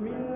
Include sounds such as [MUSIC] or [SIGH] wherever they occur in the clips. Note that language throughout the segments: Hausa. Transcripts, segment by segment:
من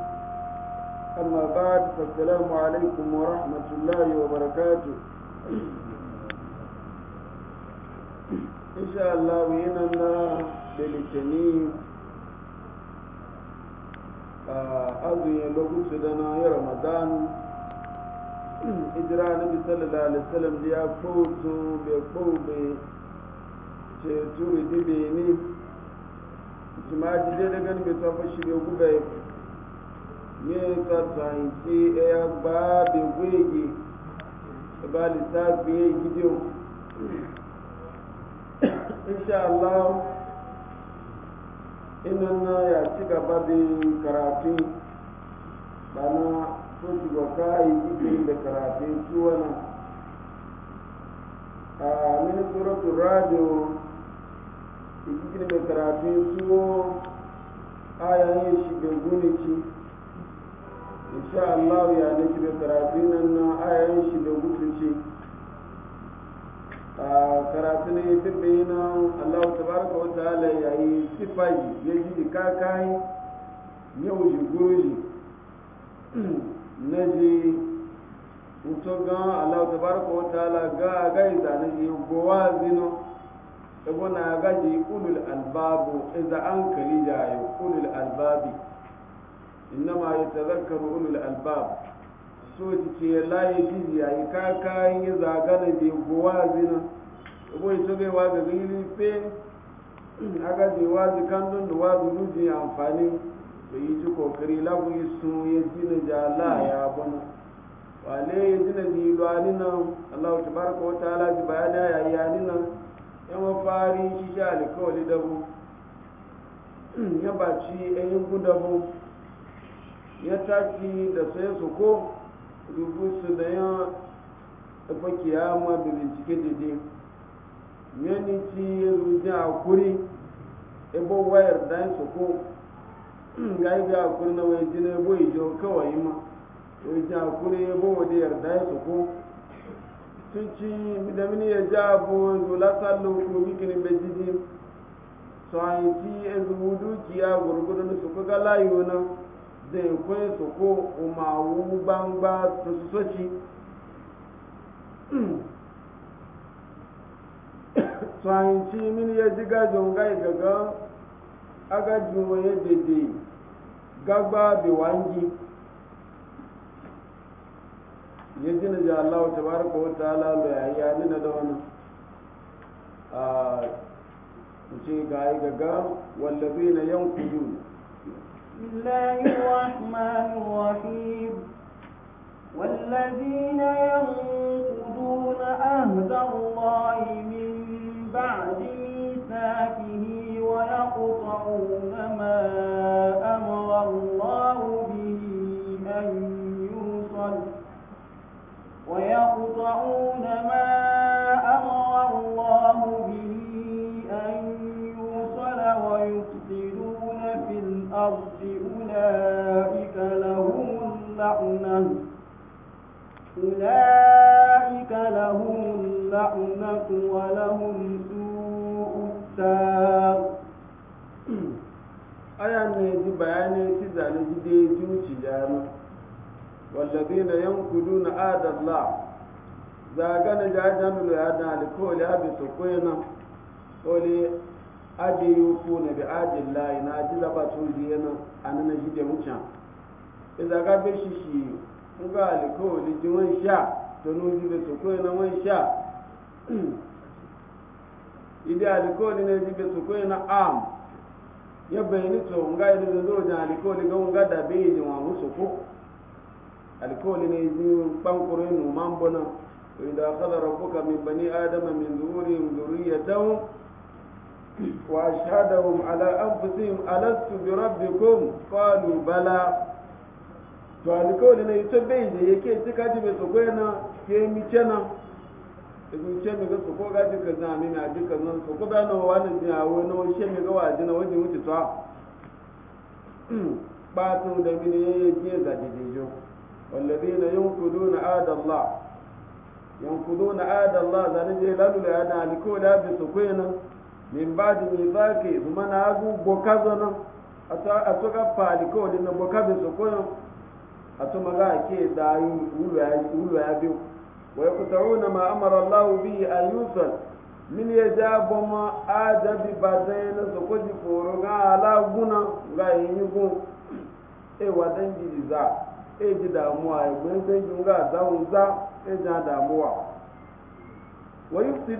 أما بعد فالسلام عليكم ورحمة الله وبركاته إن شاء الله وإن الله بلتنين أظن يلوكو سدنا يا رمضان إجراء النبي صلى الله عليه وسلم ليا فوتو بقوبي شيتو دي بيني جماعة جديدة كان بيتوفى شبيه yin ka tsanci e ya e ba bi gwegi ba lissafi ya gidiyo insha Allah ina e na ya ci gaba da karatu ba na so shiga kayi gidiyo da karatu su wani a mini suratun radio igikin da karatu su ayayin shiga gunici insha Allah ya ne shi da karatun nan na ayan shi da gutuce a karatun ne tibbe na Allah tabaraka wa ta'ala ya yi sifai ya ji kakai yau shi goji na ji mutu ga Allah tabaraka wa ta'ala ga gaiza na yi gowa zino ebo ga gaji kulul albabu iza an kalija ya kulul albabi innama ya tazakkaru ulul albab so jike laye gizi ya yi kakayin ya zagana da ya gowa zina ko ya tobe wa ga gani fe aka je wa zikan don da wa zunubi amfani da yi ji kokari labu yi sun ya jina jala ya bana wale ya jina ji lwani nan allahu tabaraka wa ta'ala ji bayana ya yi yani nan ya mafari shi shi alikawali dabu ya baci ɗayan gudabu ya taki da sai su ko rubu su da ya tafa kiyama da bincike dede yani ci ya a akuri ebo wayar da su ko ga ibi akuri na wai jina ebo ijo kawai ma rujin akuri ebo wani yarda su ko tun ci da mini ya ja abu dola sallo ko mikinin bejiji so an ci ezu dukiya gurgudun su kuka layo na zai kwai su ko umawu bangba su soci tsanci [CLEARS THROAT] min ya ji gajin gai gaga agajin waye dede gagba bewangi ya ji na ji allahu ta ko ta ta'ala da yayi ya nuna da wani ah, a ce ga gaga wallafi na yankudu بسم الله الرحمن الرحيم والذين الله من بعد ويقطعون ما أمر الله به أن يوصل ويقطعون ما أولئك لهم اللعنة أولئك لهم اللعنة ولهم سوء الدار aya ne ji bayanai ci zane ji dai zuci jana wallazi na yankudu na adalla zaga na jajen lura da alkawali abin aje yufu na bi ajin layi na aji zaba tun biye nan a nana shi da mucan iza ka bi shi shi kun ga alikawali ji wani sha to nuji da su koyi na wani sha idi alikawali na ji da su koyi na am ya bayani to nga yi da zo da alikawali ga nga da bai yi wa musu ko alikawali na ji bankuro yin numan bana وإذا أخذ ربك من بني آدم من ظهورهم ذريتهم وأشهدهم على أنفسهم ألست بربكم قالوا بلى to ne na ita bai da yake ci kaji bai ke mi cena ibi ce mi ga ko gaji ka zan amini a duka zan su ko bayan wa jiya wo na wani she ga wa na wajen wuce ta ba tun da mini ya yi ke da jidijo wallazina yankuduna adallah yankuduna adallah zanin je lalu da ya da bai su kwaya min ba da mai zaka zuma na hagu boka zana a to ka fali kawai na boka bai su koyo a to maga a ke da yi wulu ya biyu wa ya kutaru na ma'amara Allah bi a yusuf min ya ja bama adabi ba zai na su kwaji foro ga alaguna ga yi yi gun e za e ji damuwa e gwen ga za e ja damuwa wa fil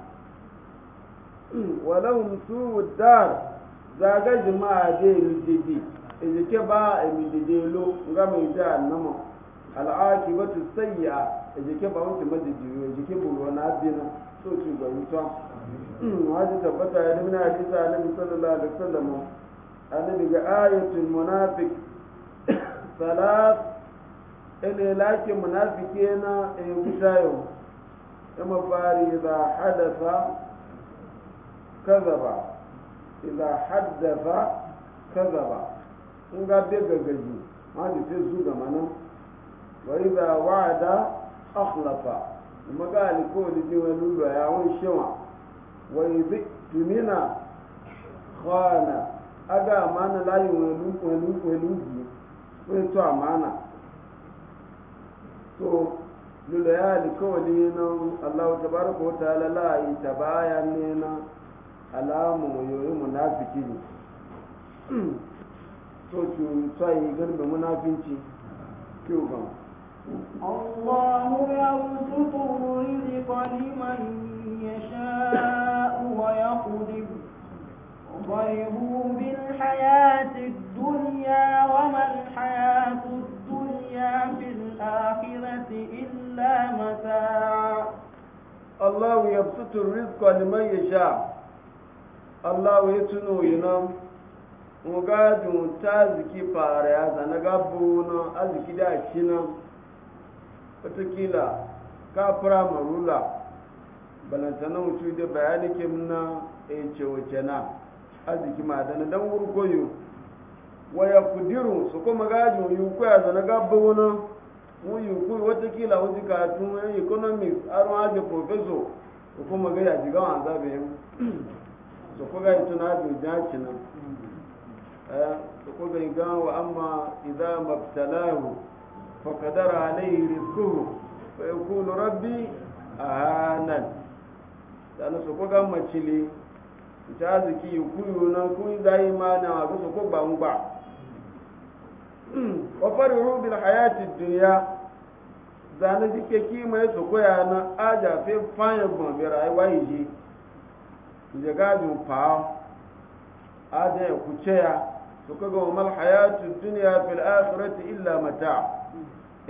walahum suwu dar zaga jima'a de mididi ezike ba mididi lo nga mai da annama al'akibatu sayyi'a ezike ba wuce madidi yo ezike bulu na abina so ci ga yuta hmm, wani tabbata ya dimna hadisa annabi sallallahu alaihi wasallam annabi ga ayatul munafiq salat ene lakin munafike na ya eh, wuta yo kuma fari da hadasa kazaba iza haddasa kazaba in ga bai gagaji ma da sai su ga manan wa iza wa'ada akhlafa kuma ga alkawali ne wani lura ya wani shewa wa iza tumina khana aga amana layin wani wani wani wani to amana to lura ya alkawali ne na Allah tabaraka wa ta'ala la yi tabaya ne na alamu mu yoyi munafiki ne so ki sai gani da munafinci ki ba Allahu ya rusutu rizqi liman yasha'u wa yaqdir ضربوا بالحياة الدنيا وما الحياة الدنيا في الآخرة إلا متاع الله يبسط الرزق لمن يشاء Allah ya tuno yana mugadun ta ziki fara ya zana gabu na aziki da shi nan watakila kafira marula balantana wuce da bayani kim na ece wace na aziki na don wurkoyo waya kudiru su kuma gajin yuku ya zana gabu na mu yuku watakila wuce katun e economics aron aji professor ko kuma ga ya jigawa zabe yau su kuga yi tuna da jaci nan su eh, kuga yi wa amma idza mabtalahu fa qadara alayhi rizquhu fa yaqulu rabbi ahanan dan su kuga macili ta ziki kuyu nan kun dai ma na su ko gbangba wa farihu bil hayati dunya zane jike kima ya su koya na aja fe fanya gbambe rayuwa yi kuje gajin fawo aje ya kuce ya su kaga wa mal hayatu duniya fil akhirati illa mata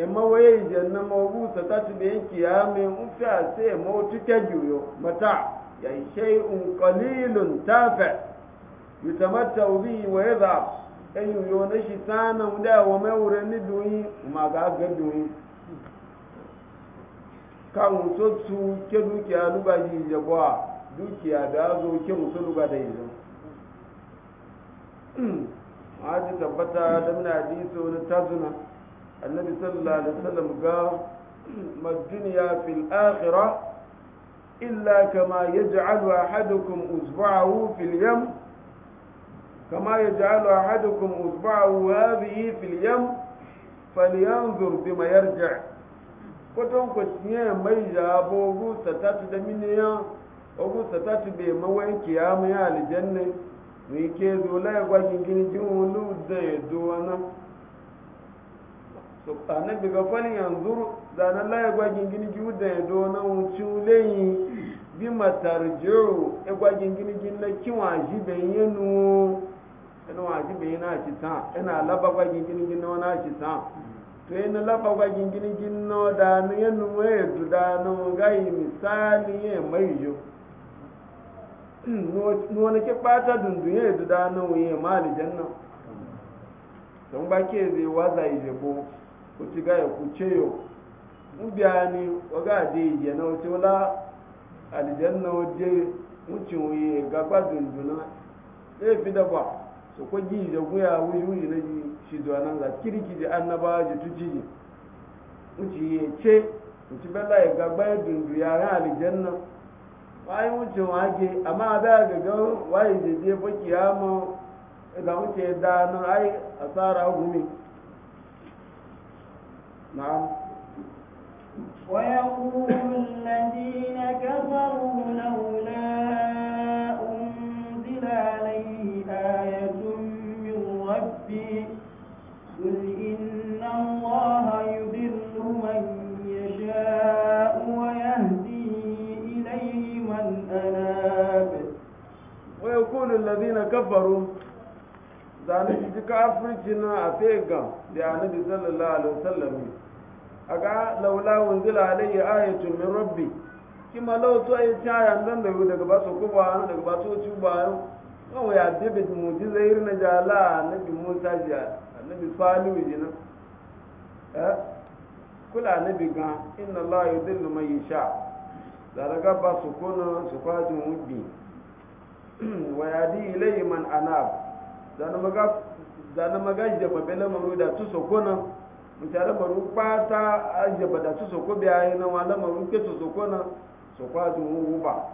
amma waye janna mawbusa ta tube yanki ya mai ufa sai mawtu kajuyo mata ya shay'un qalilun tafa yutamattau bihi wa yadha ayu yona shi sana da wa mai wurin duyi ma ga ga duyi kan so su ke dukiya lubaji jabwa dukiya da zo ke musu ga da yanzu haji tabbata da muna hadisi wani tazuna annabi sallallahu alaihi wasallam ga maduniya fil akhirah illa kama yaj'alu ahadukum usba'ahu fil yam kama yaj'alu ahadukum usba'ahu hadhihi fil yam falyanzur bima yarji' kwaton kwacinye mai jabo gusa ta da miniyan ogun satati bai mawanki ya mu ya aljanna mu ike zo la gwa gingin jin wulu da ya zo wana so anan bi ga fali yanzu da na la gwa gingin ji da ya zo na mu ci leyi bi matarjo e gwa gingin jin na kiwa ji ben yenu ina wa ji ben na ci ta ina laba gwa gingin jin na na ci to ina laba gwa gingin jin no da na yenu mu e du da no ga yi misali e mai yo nuwa ke ɓata dundunya ya duda na wuyi ma alijanna don ba ke zai waza yi ko ku ci ga ya ku ce yo mu biya ni waga ade yi na wace wala nan waje wuce wuyi ga ba dunduna ya fi da ba su ko gi da guya wuyi wuyi na ji shi zuwa nan za kirki ji annaba ji tuci ji wuce ya ce wuce bella ya ga ba dundu ya ran alijanna bayan wucin wake amma a daga ga waye je je fa kiyama idan wuce da nan ai a tsara gumi na'am ويقول الذين كفروا لو yaqulu alladhina kafaru zane shi kafirci na a fega da annabi sallallahu alaihi wasallam aga laula unzila alayhi ayatun min rabbi kima law to ay taya nan da yau daga basu kuba daga basu cuba kawai ya dibe ji irin na jala annabi Musa jiya annabi Salihu jina eh kula annabi ga inna Allah yudillu man yasha da daga basu kuna su kwajin wubi [CLEARS THROAT] wa yadi ilayhi man anab zana maga zana maga je mabela maru da tu sokona mutare maru pata aje bada tu soko bi ayi na wala maru ke tu sokona sokwa ju uba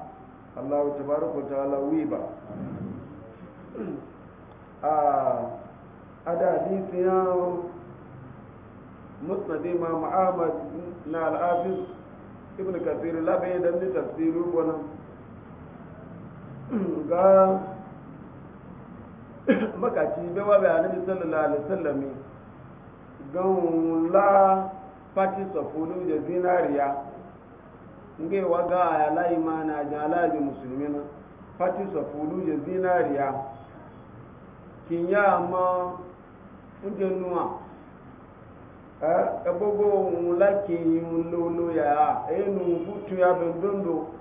Allah tabaraka taala wiba [CLEARS THROAT] a ada hadisi ya musnad imam ahmad na al-hafiz ibn kathir labai dan tafsiru wannan ga [COUGHS] makaci bewa bai anabi sallallahu alaihi wasallam gan la fati safulu da zinariya ngai waga ya la imana ja la ji muslimina fati safulu da zinariya kin ya ma ujin nuwa eh ebogo un la kin lolo ya enu butu ya bendondo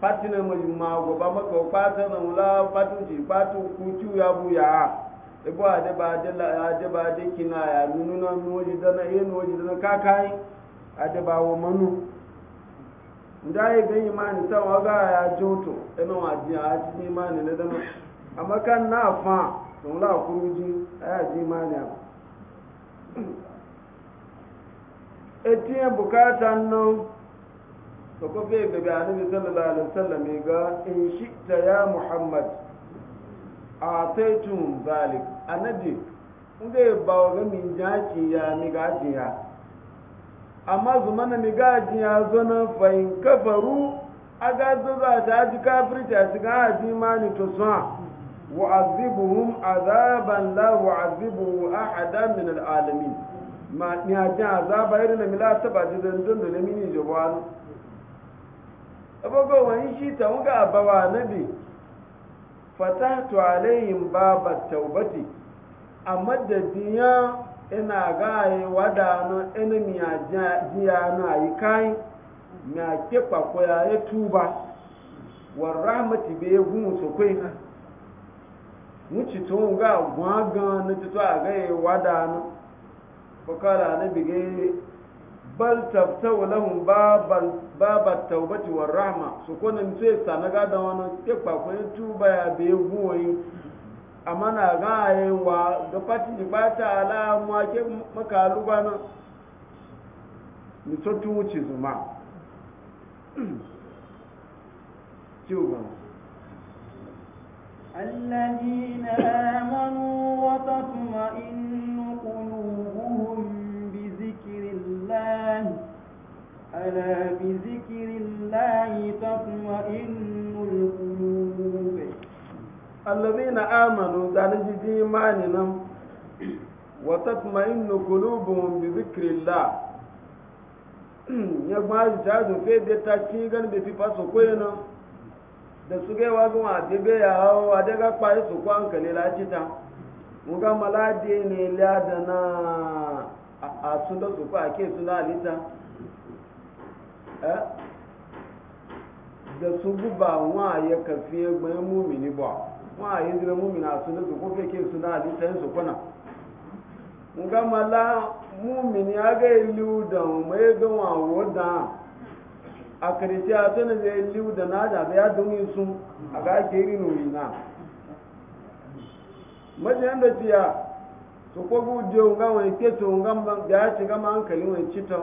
patina na mai mago ba maka na wula patu ji patu kucu ya buya ebo ade ba ade la ade ba kina ya nunu na noji dana na ye noji da na kakai ade ba wo manu ndai ga imani ta waga ya joto ina e waji a ji imani na dana amma kan na fa to la kuruji aya ji imani e bukata so ko fe be annabi sallallahu alaihi wasallam ga in shi'ta ya muhammad ataitum zalik annabi unde bawo ga min jaji ya mi ga jiya amma na mi ga jiya zona fa in kafaru aga zuza ta ji ta a cikin ji mani to sa azibuhum azaban la azibu ahada min alamin ma ni ajin azaba irin mi la ta ba ji dan da mini jabwanu saboda wani shi ta muka abawa nabi fatahtu alayhim baba taubati a madadiya ina gaye wadana ina miya jiya na yi kai na ke kwakwaya ya tuba wa rahmati be ya gumu su kai na wuce to ga gwagan na tito a gaye wadana fakala na bige bal tabtau lahum baban baba taubati wa rahma su kone mtse sanaga da wani tekpa kwenye tuba ya be goyi amma na ga yawa ga pati ni bata ala mu na maka alubana ni sotu wuce zuma tuba الذين آمنوا وتطمئن قلوبهم ألا بذكر الله تطمئن القلوب الذين آمنوا ذلك إيماننا وتطمئن قلوبهم بذكر الله ya ba shi cajin fai da ta ci gani da fifa su koyi nan da su ga ya hau a daga kwaye su kwa hankali laci ta muga malade ne lada na a su da su kwa su da su guba wa ya kafiye bayan mumini ba wa ya zira mumina su da su ko fake su na hadisayen su kuna nga mala mumini aga ilu da mai ga wa woda a karshe a tana da ilu da na da ya dunyi su a ga ke ri nuri na majiyan da ciya su ko guje nga wani keto nga ya ci gama hankalin wani citon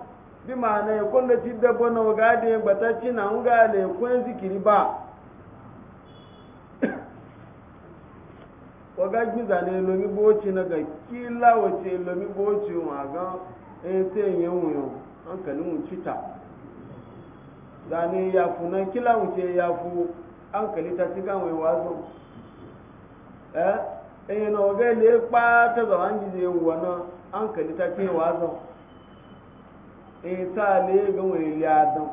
bi na ya ti ci dabba na waga da ya gbata ci na nga da ya kwen zikiri ba [COUGHS] waga giza ne lomi na ga kila wace lomi boci ma ga eh sai yan wuyo hankalin mu cita zane ya fu na kila wuce ya fu hankali ta ci ya wai wazo eh eh na waga le pa ta zawan gize wa na hankali ta ce wazo eta le ga wani liyadan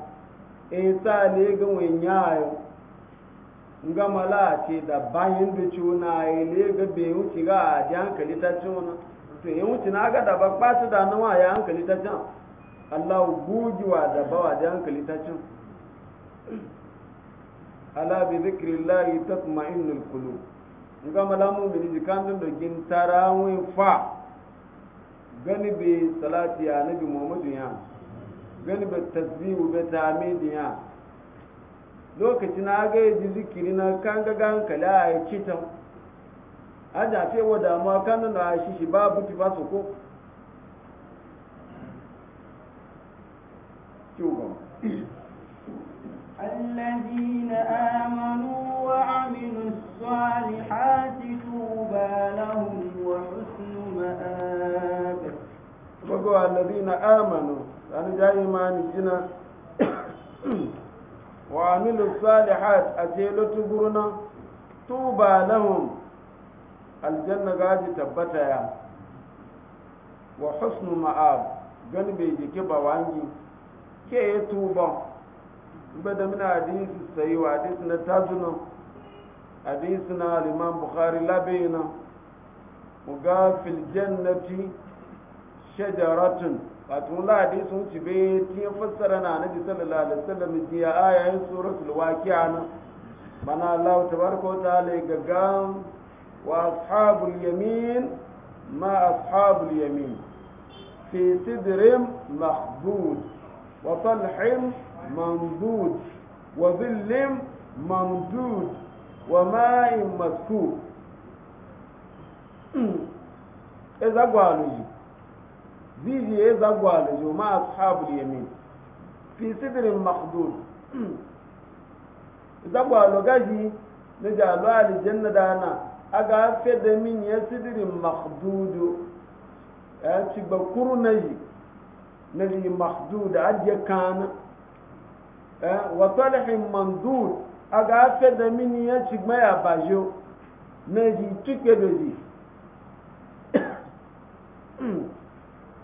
eta le ga wani yayo nga mala ce da bayan da ciwona ya le ga be wuce ga a ji hankali ta ciwona to yin wuce na ga da ba ba su da nawa ya hankali ta can Allah gujewa da bawa ji hankali ta can ala bi zikrillahi tatma'innul qulub nga mala mu bi jikan da gin tarawin fa gani bi salati ya nabi muhammadu ya gani ba tasbihu ba tamidin lokaci na ga yaji zikiri na kan ga gan a ya kita a da wa damuwa kan na shi shi ba buki ba su ko الذين آمنوا وعملوا الصالحات طوبى لهم وحسن مآب الذين آمنوا zanu ja imani jina wa amilu salihat aje lutu guruna tuba lahum aljanna gaji tabbata ya wa husnu ma'ab gani bai jiki ba wangi ke ya tuba ba da mina hadisi sai wa hadisi na tajuna hadisi na al bukhari mu ga na shajaratun wato ladi sun ci be ya fassara na annabi sallallahu alaihi wasallam ti a ayayin suratul waqi'a na mana Allah tabaraka wa ta'ala ya gaga wa ashabul yamin ma ashabul yamin fi sidrin mahdud wa talhin mamdud wa dhillin mamdud wa ma'in masku [CLEARS THROAT] ezagwaluji ziji ya zagwa da juma ashabul yamin fi sidrin makhdud [CLEARS THROAT] zagwa lo gaji na jalo aljanna dana aga fe da min ya sidrin makhdud ya ci kuru na yi na yi makhdud ajiye kana wa talhin mandud aga da min ya ci yi tuke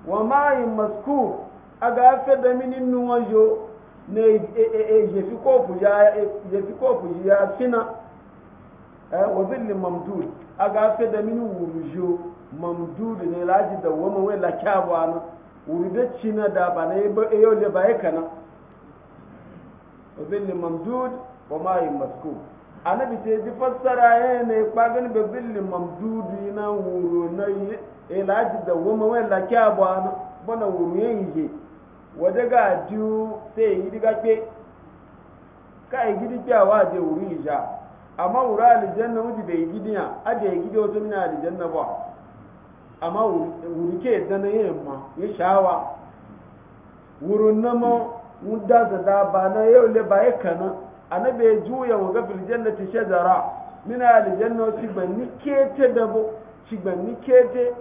wa mayi masku a ga afe da mini nuwan yo na ejefi kofu ya fina wa zillin mamdud a ga afe da mini wurujo mamdud ne laji da wama wai lakya ba na wurida cina da ba na yau da ba ya kana wa zillin mamdud wa mayi masku annabi sai ji fassara yana ya kpagani ba zillin mamdud na wuro na e la ji da woma wen la kya mi bwana wuruye wo waje ga ju sai yi ga pe ka yi gidi kya wa je wuri yija amma wura aljanna wuji bai gidiya a da ya gidi wato mina aljanna ba amma wuri ke dana yin ma ya shawa wurin ma wunda da da ba na yau le ba ya kana annabi ya juya wa gafil jannati shajara mina aljanna ci ban ni kete bo ci ban ni kete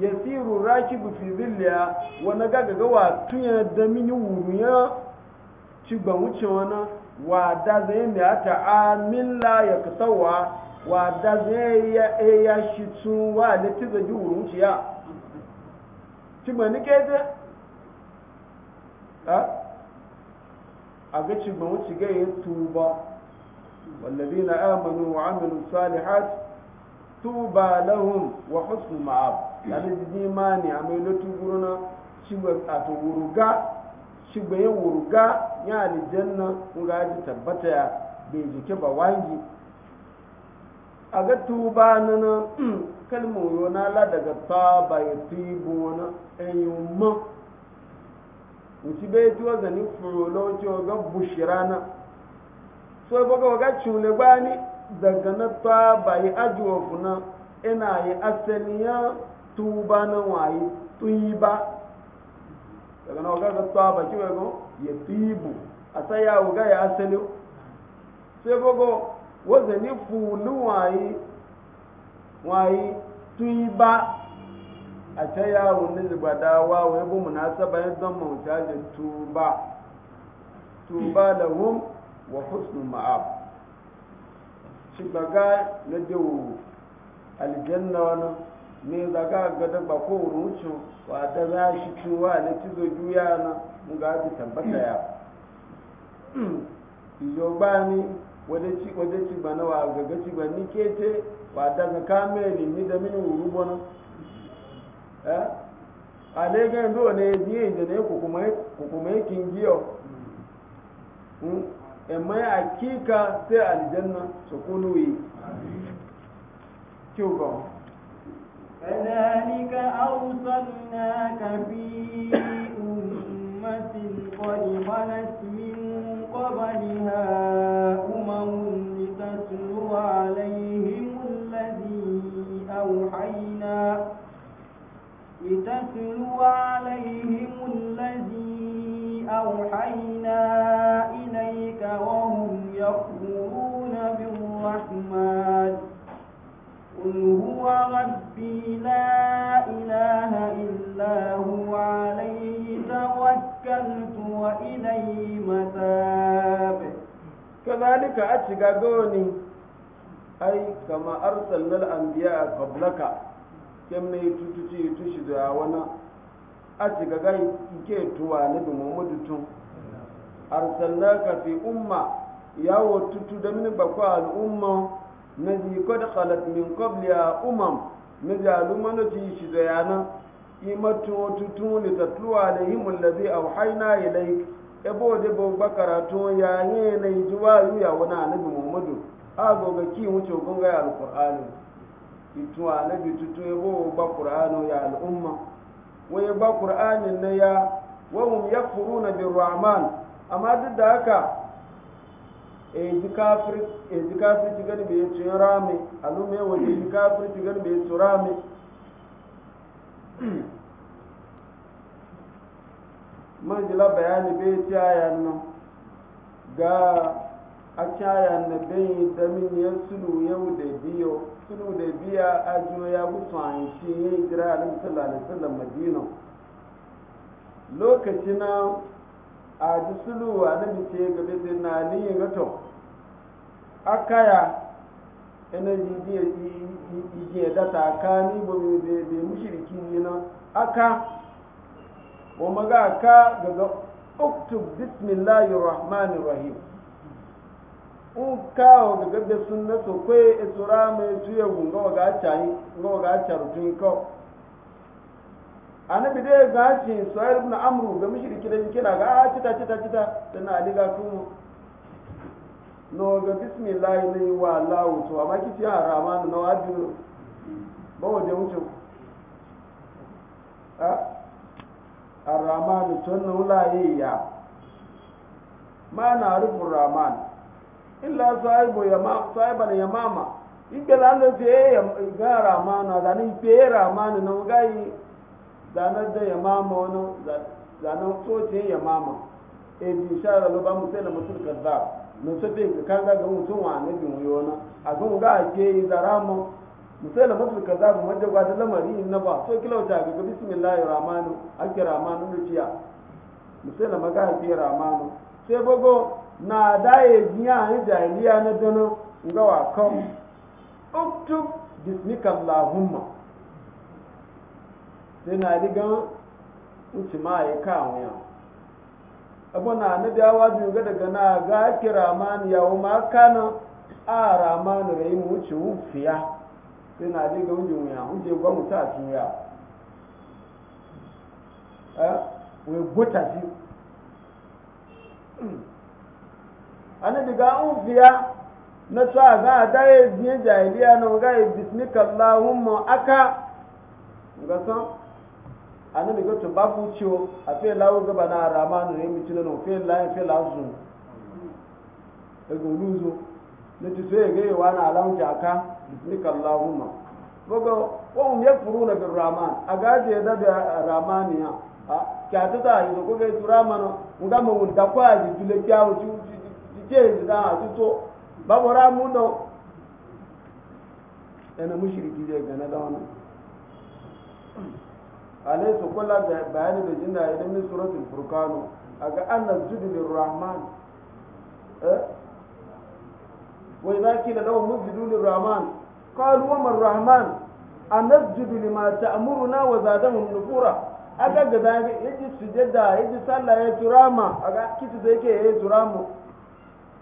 yasiru rakibu fi zilliya wani gagaga wa tunya da mini wuruya ci ba wuce wani wa da zai ne a ta'amilla ya kasawa wa da zai ya ya shi tun wa da ci zagi wurun ci ya ci ba ni ta? a ga ci ba wuce ga yin tuba والذين آمنوا وعملوا الصالحات طوبى لهم وحسن مآب lami jiji ma ni ame lotu guru na shigbe ato wuruga shigbe yin wuruga ya na, nga aji tabbata ya bai jike ba wangi a mm, ga tuba na na kalmar na la daga ta ba ya tibo na ɗanyin ma wuci bai tuwa zani furola wuce ga bushira na so ba ga ga cule gbani daga na ta ba ya ajiwa funa ina yi asaliyan tuba na wayi tuyiba daga na ga tuwa baki wai ya tuyibu a sai ya uga ya asali sai gogo wazani fulu wayi wayi tuyiba a ta yawon na zubadawa wai bu muna ya zama wuta da tuba tuba da hum wa husnul ma'ab shi na dawo aljanna wani ne ga gada ba ko wucin wa da za shi cewa na zo juya na mu ga bi tabbata ya hmm. iyo ba ni wadda ci ba na wa gaga ci ba ni kete wa da ga kameli ni da mini wuru bona a ne ga yanzu ne biye da ne kuma yakin giyo hmm. amma ya hakika sai aljanna su kuluwi kyau كذلك أرسلناك في أمة قد خلت من قبلها أمم لتتلو عليهم الذي أوحينا إليك وهم يكفرون بالرحمن قل هو رب لا إله إلا هو عليه توكلت وإليه متاب كذلك أتشك دوني أي كما أرسلنا الأنبياء قبلك كم نيتوتي تشد وانا أتشغغاي كيتوا نبي محمد تون أرسلناك في أمة يا وتتو دمن بقى الأمة الذي قد خلت من قبلها أمم na jaluman ci shi da yana imatu tutu ne tatluwa da himun da zai auhaina ilai ebo da babba ya ne ne juwa ya wana annabi muhammadu a goga ki wuce gunga ya alqur'ani itu annabi tutu ebo ba qur'anu ya al'umma wai e ba qur'anin na ya wa hum yakfuruna rahman amma duk da haka eji kafir ti gani bai tsoye rami alume waje eji kafir ti gani bai tsoye rami man jila bayani be ti ayan nan ga a ci ayan na bai da min ya sulu yau da biyo sulu da biya ajiyo ya gutu a yanki ya yi jira alim sallallahu alaihi wasallam madina lokacin na a ji suluwa na bice ga bisin na ni yi gato akaya ina jije da taka ni bo mi be be mushriki ni na aka wa maga aka daga uktub bismillahir rahmanir rahim un kawo daga da sunna so kwe itura e mai tuya gunga waga chai gunga cha charutun ko annabi dai ga shi suhail ibn amru ga mishi da kina ga a ah, cita cita cita da na ga tu no ga bismillah ne wa allah to amma kici ya rahman na wabi ba waje wuce a ah, ar-rahman tun ulayi ya ma na rufu rahman illa sahibu yama sahiban yamama ibe lan da ya ga rahman da ni pe ramanu na ngai zanar da yamama wani zanar tsoce yamama e eh, bi shara lo ba mu da mutum kaza no so be ka ga mutum wa bin a ga ke yi zarama mu sai da mutum kaza mu wanda lamari in na ba so kilauta ga bismillahir rahmanu akir rahmanu dukiya mu sai da maga ke rahmanu sai na jiya jahiliya na dano ga wa kan bismika sai na digan wuce ma ya kawo ya abu na na dawa biyu ga daga na ga kira mani yawo ma kana a ramani rai mu wuce wufiya sai na digan wuce wuya wuce gwa mu ta tuya eh we gota ji [CLEARS THROAT] ana diga wufiya na sa ga da ya jahiliya na ga bismika allahumma aka ga anabi ga to babu ciwo a fe lawo gaba na ramanu ne mi cilano fe la fe la zu e go luzo ne ti sai ga yawa na alawu ta ka nika allahumma gogo wa um na bir raman aga je da da ramaniya a kya ta ta yi ko ga turamano nga mo da kwa ji dule kya wo ci ci ke da a ci to babu ramu do ena mushriki je ga na da wannan alai su kula da bayani da jinda ya min suratul furqanu aga anna judu rahman eh wa idza qila lahum musjudu lirrahman qalu wa man rahman anasjudu lima ta'muruna wa zadahum nufura aga ga da yaji sujada yaji sallah ya turama aga kitu da yake ya turamu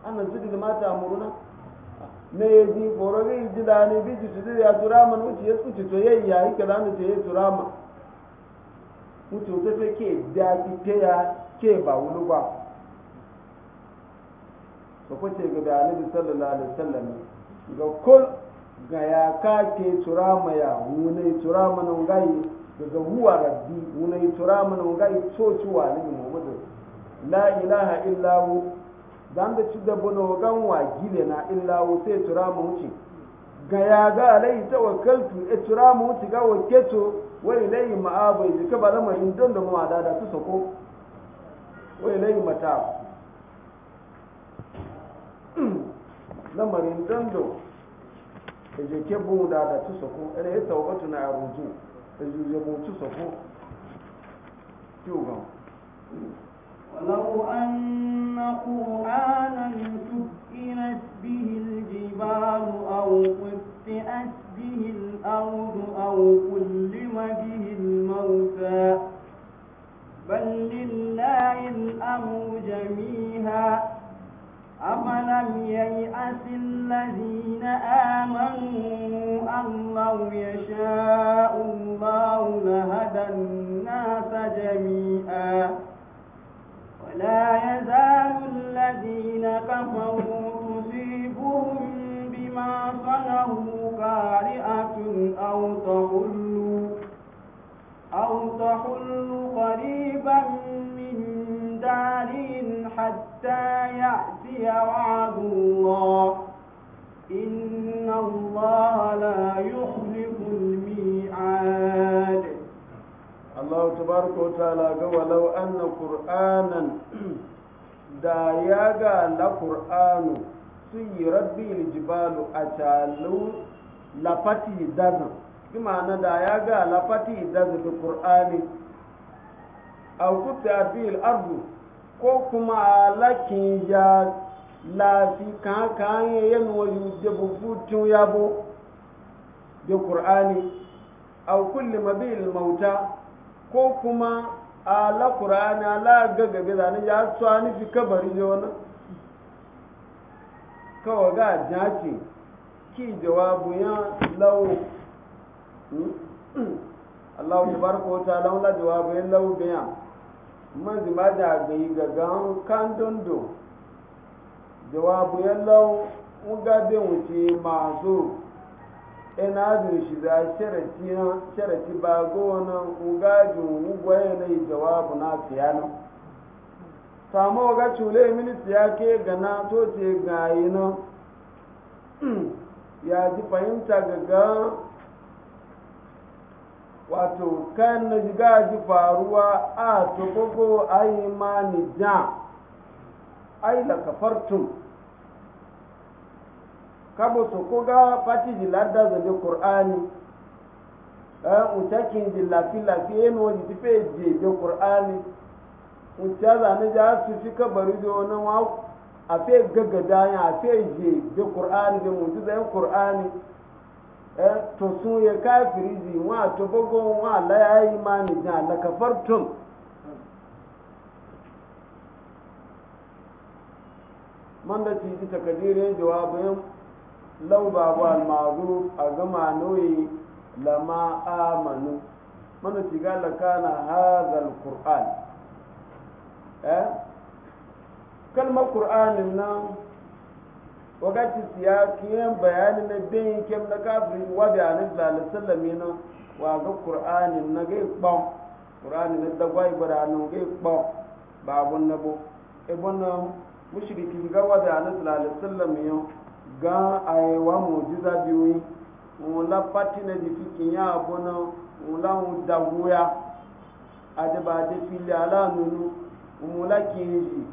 anasjudu lima ta'muruna me yaji boroge yaji da ne biji sujada ya turama wuce ya tsuci to yayi yayi kaza ne ya turama ŋutsu pépé kee bia ite ya ké ba wolo ba sɔkò tse gbe ale bi sɛlɛ la ale sɛlɛ mi nga kol gaya kaa ke tura ma ya wuna yi tura ma na nga yi daga huwa rabbi wuna yi tura ma na nga yi tsoci wa ne bi muhammadu la ilaha illahu dan da ci dabo na wa gile na illahu sai tura ma wuce gaya ga alai tawakkaltu e tura ma wuce ga wa ilayhi ma'abu jika ba lamarin don da mawa da su sako wa ilayhi mata [CLEARS THROAT] lamarin don da jike bu da da su sako ina yi taubatu na aruju da juje bu sako kyogan ولو أن قرآنا سكنت به الجبال أو قد وجيئت به الأرض أو كلم به الموتى بل لله الأمر جميعا أفلم ييأس الذين آمنوا أن لو يشاء الله لهدى الناس جميعا ولا يزال الذين كفروا تصيبهم ما صنعوا قارئة أو تحل أو تحل قريبا من دارهم حتى يأتي وعد الله إن الله لا يخلف الميعاد الله تبارك وتعالى ولو أن قرآنا da ya ga la ƙur'anu sun yi rabbi lijibalu a calu lafati dazan kima na da ya ga lafati dazan da ƙur'ani a kuta bil ardu ko kuma lakin ya lafi kan kan yayin wani jabubutun yabo da ƙur'ani a kulli mabil mauta ko kuma ala ƙur'ani ala gagabe zane ya tsani fi kabari da wani kawai ga jaki ki jawabu ya lau hmm? Allah ta barko wata laula jawabu ya lau biya man zima da bai gagan kan dondo jawabu ya lau uga bin wuce mazo ina da shi da sharati ba gona uga jin ugwaye na jawabu na fiyanan kamo ga cule minista ya ke gana to ce ga yi nan [CLEARS THROAT] ya ji fahimta ga wato kan na jiga ji faruwa a tukoko ayi ma ni ja ai la kafartum kabo su koga fati ji ladda zabe qur'ani eh utakin ji lafi lafi eno eh, ji tipe ji be qur'ani wuce zane ja su ka bari da wani wa a fe gaggada ya a fe je da qur'ani da mutu da qur'ani eh to su ya kafiri ji wa to bago wa la ya yi imani da la kafartum man da ci ta kadire jawabin lau babu al-ma'ruf a gama noyi lama amanu man da ci ga lakana hadha al qur'ani Eh? kalmar ƙur'anin nan wakati siya kiyan bayani na bin kem na kafiri wa bi anis lalisallami nan wa ga ƙur'anin na gai kpam ƙur'anin na dagwa bada nan gai kpam babun na bo ibon na mushriki ga wa bi anis lalisallami yau ga ayewa mujiza biyu wula pati na jiki fikin ya abu nan wula dagoya adibade fili ala nunu umula kinji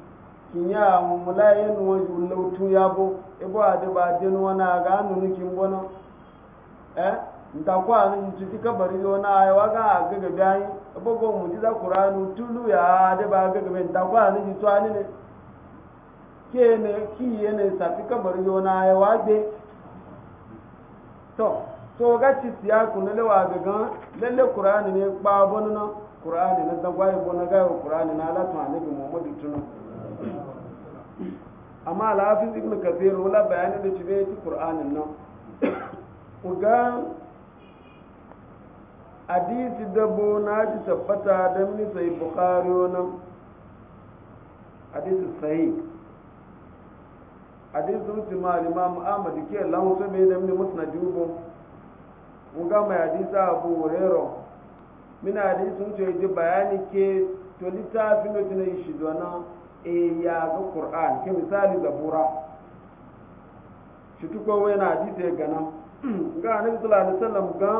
kinya umula yin waju lautu yabo ibo ade ba den wana ga nunu kin bona eh nta kwa ni tuti kabari yona ay waga agaga bayi ibo go mu diza qur'anu tulu ya ade ba agaga ben nta kwa ni to ani ne kene ki yene safi kabari yona ay wage to to ga ci tiya kunalewa gaga lalle qur'ani ne ba bonno qur'ani na dagwaye ko na gayo qur'ani na latun annabi muhammadu tunu amma alhafiz ibn kathir wala bayani da ci bai qur'anin nan uga hadisi dabo na ci tabbata da mini sai bukhari wannan hadisi sahih hadisi mutum ma imam ahmad ke lan so bai da mini musnad yubo uga mai hadisa abu hurairah mina da sun ce yi bayani ke to littafin da tunai shi dona e eh, ya ga qur'an ke misali zabura shi tuko wai na hadisi ga nan [CLEARS THROAT] ga annabi sallallahu alaihi wasallam ga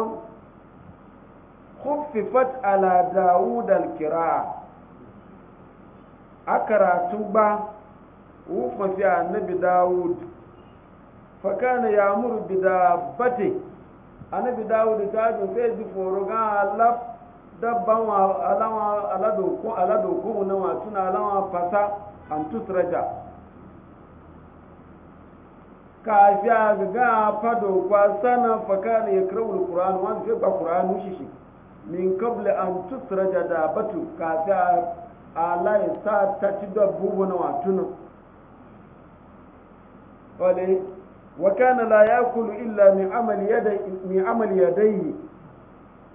khuffifat ala daud al kira. a karatu ba wufa fi annabi dawud fa kana muru bi da annabi dawud ta ji sai ji foro ga Allah dabban alama alawa alado ko alado ko na wa tuna alawa fasa an tutraja ka fiya ga fado kwa sana fakana yakrawul qur'an wa fi ba qur'an shi min qabla an tutraja da batu ka fiya alai sa ta ci dabbu na wa tunan. wale wa kana la yakulu illa min amali yadayhi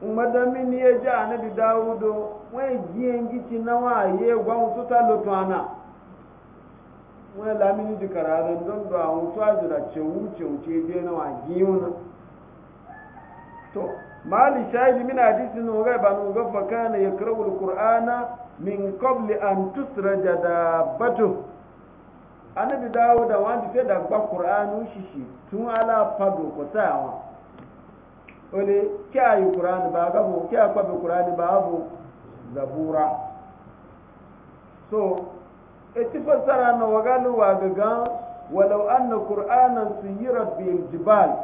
madamin ya ji annabi dawudo wani jiyan gici na waye gwan su ta lotu ana wani lamini ji kararren don da wutu a jira ce wuce wuce je na wagi wani to mali shaidi min hadisi no ga ba no ga fa kana wani alqur'ana min qabli an tusraja dabatu annabi dawuda wanda sai da gba qur'anu shishi tun ala fado ko tayawa wani kya yi ƙurani ba gabo kya ƙurani ba abu zabura so eti fassara na wagalu wa gaga walau anna qur'anan suyirat bil jibal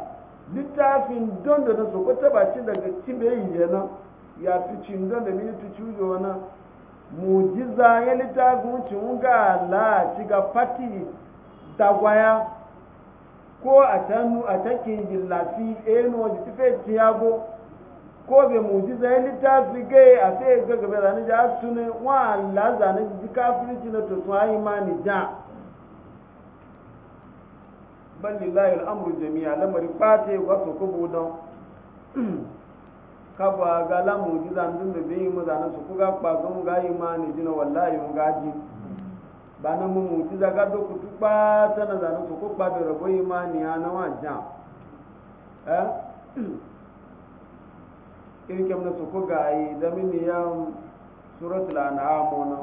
littafin don da nasu ko taba ci daga cibe yi na ya fi cin don da mini tu cujo na mujiza ya littafin cin ga la ci ga fati dagwaya ko a tanu a takin jillafi eno eh, ji tufe go ko bai muji zai littafi gai a sai ga gaba zane ji a tuni wa Allah zane ji kafirci na to tuwa imani ja balli layi jami'a lamari fata ya gwasa kubu don kaba ga lamu ji zane dun da bai yi mu zane su kuga kpagun ga imani jina wallahi mu gaji bana mu mutu daga do kutu pa tana da nuku ko pa do rabo imani ana wa ja eh kin kam na su ko ga yi [CLEARS THROAT] da min ya suratul an'am ona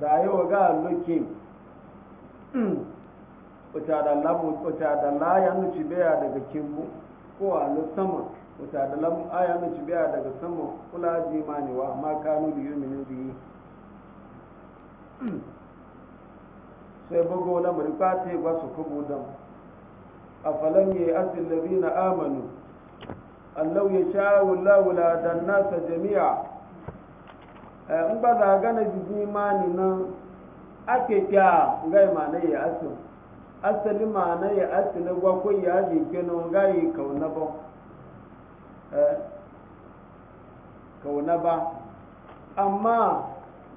da yau ga lokin wata da labu wata da la ya nuci beya daga kimbu ko a lo sama wata da lam aya mace biya daga sama kula jimani wa amma kanu da yuminu biyu [CLEARS THROAT] sai bugu na murfati ba su kubu dan a falon yi asin labina amanu allau ya sha wula-wula dan nasa jami'a eh, in ba za gana jimani nan ake kya gai ma na asin asali ma na yi asin na gwakwai ya jike gai kaunabon Eh? kauna ba amma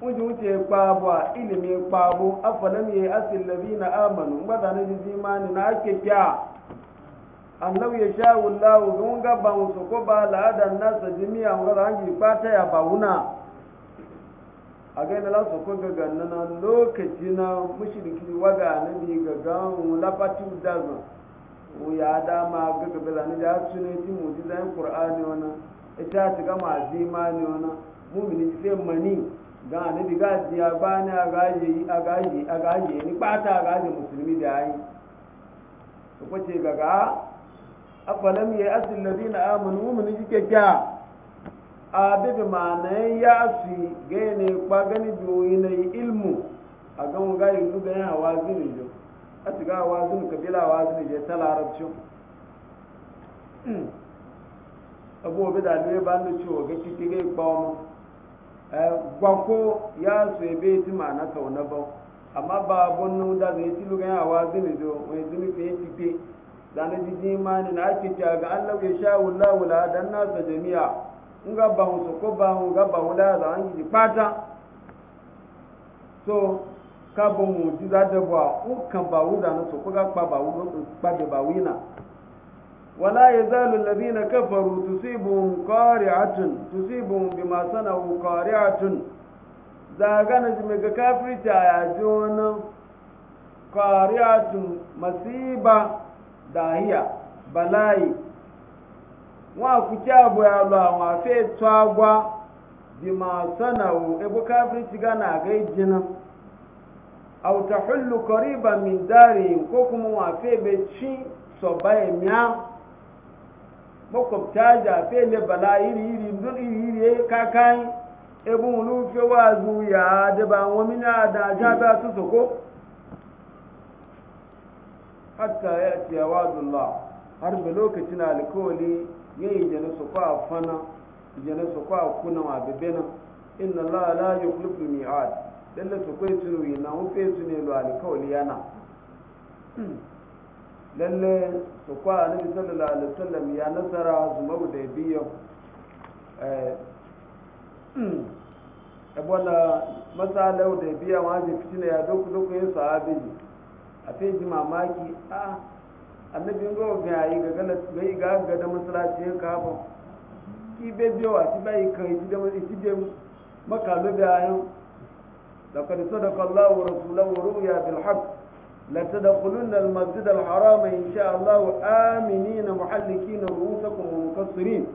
wuce wuce kpabwa ilimi kpabu afalam ya asil ladina amanu gbada na jizi mani na ake kya annabu ya sha wallahu don ga ba su ko ba la'adan nasa jimiya an hangi kwata ya ba wuna a ga ina lasu ko ga ganna lokaci na mushriki waga na bi ga gan lafatu dazan mu ya dama gaga bela ni da su ne ti mujiza yin qur'ani wannan ita ta ga ma zimani wannan mu'mini ti sai mani ga annabi ga ziya bani agaye agaye agaye ni pata agaye musulmi da yi to kwace gaga afalam ya asil ladina amanu mu'mini jike ga abibi ma'anayin ya fi gane kwagani biyoyi na ilmu aga a gan gayi lugayen hawa zini jau a shiga wazin kabila wazin je ta larabcin abubuwa da ne ba da cewa ga kiki gai gbawo eh, gwanko ya su ebe ti ma na kauna ba amma ba bonnu da zai ti lugan ya wazin jo wani zuni fiye fiye zane jiji imani na ake cewa ga allah ya sha wula wula dan nasa jami'a in ga ba mu so ko ba mu ga ba wula da an gidi fata so kabo mujiza da ba ukan ba wuda na soko ga kpa ba wuda kpa da ba wina wala yazalu alladhina kafaru tusibuhum qari'atun tusibuhum bima sanau qari'atun zagana jime ga kafirta ya jona qari'atun masiba dahiya bala'i wa ku kyabo ya lo awon afe agwa bima sanau e bu kafirci gana ga jinan aw tahullu qariban min darihim ko kuma wa fe be ci so baye miya makwabta ja fe ne bala iri iri dun iri iri kakai ebun lu fe wa zu ya da ba wa na da ja ba su soko hatta ya'ti awadullah har ba lokacin alkawali yayi jana su kwa fana jana su kwa kuna wa bebena inna allaha la yukhlifu al-mi'ad lalle su kai tunu yi na wufe su ne lo alkawli yana hmm. lalle su kwa annabi sallallahu alaihi ya nasara su mabu da biyo eh ebola hmm. masalau da biya ma ji fitina ya doku doku yin sahabi a fi ji mamaki a annabin gawa ga yi ga gai ga ga da masalaci ya kafa ki be biyo a ti bai kan ti da ti da makalo da ayan لقد صدق الله ورسوله رؤيا بالحق لتدخلن المسجد الحرام إن شاء الله آمنين محلكين رؤوسكم ومقصرين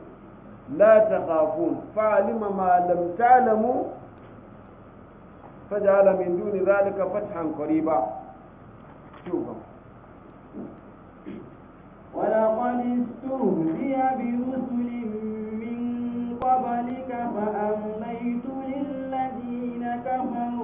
لا تخافون فعلم ما لم تعلموا فجعل من دون ذلك فتحا قريبا شوفوا ولقد استهزئ برسل من قبلك فأمليت للذين كفروا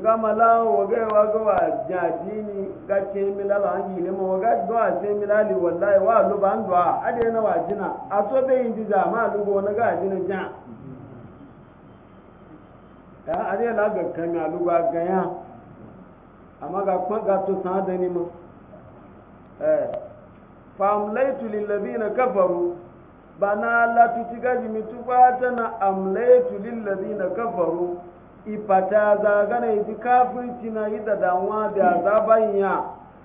nga mala waga wa ga wa jadini ga ke mi la ban yi ne mo ga do a se la li wallahi wa lu ban do a ade na wa jina a to be yin ji ma lu go na ga jina ja ya ade la ga kan ya lu ga ga ya amma ga kwa ga to sa da ni mo eh fa amlaytu lil ladina kafaru bana la tutigaji mitubata na amlaytu lil ladina kafaru ipata zagana iti kafin na yi da damuwa da azaban ya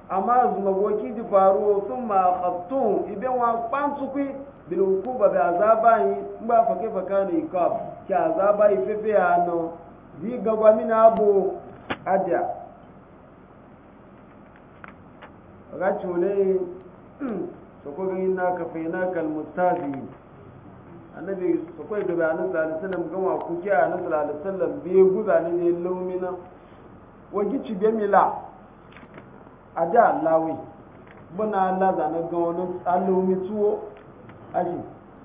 amma zuma goki di faru sun ma khaftun ibe wa kpansukwi bil hukuba da azaban yi ba fake faka ne kaf ki azaba yi fefe ya no di gagwa min abu adia rachule [CLEARS THROAT] so ko ga inna ka fa inna kal mustazi annabi sakwai da alaihi wasallam gama kuke a nan salisalam bai guza ne ne lumina wagi ci bai mila a da lawi muna laza na ga wani alumi tuwo ashi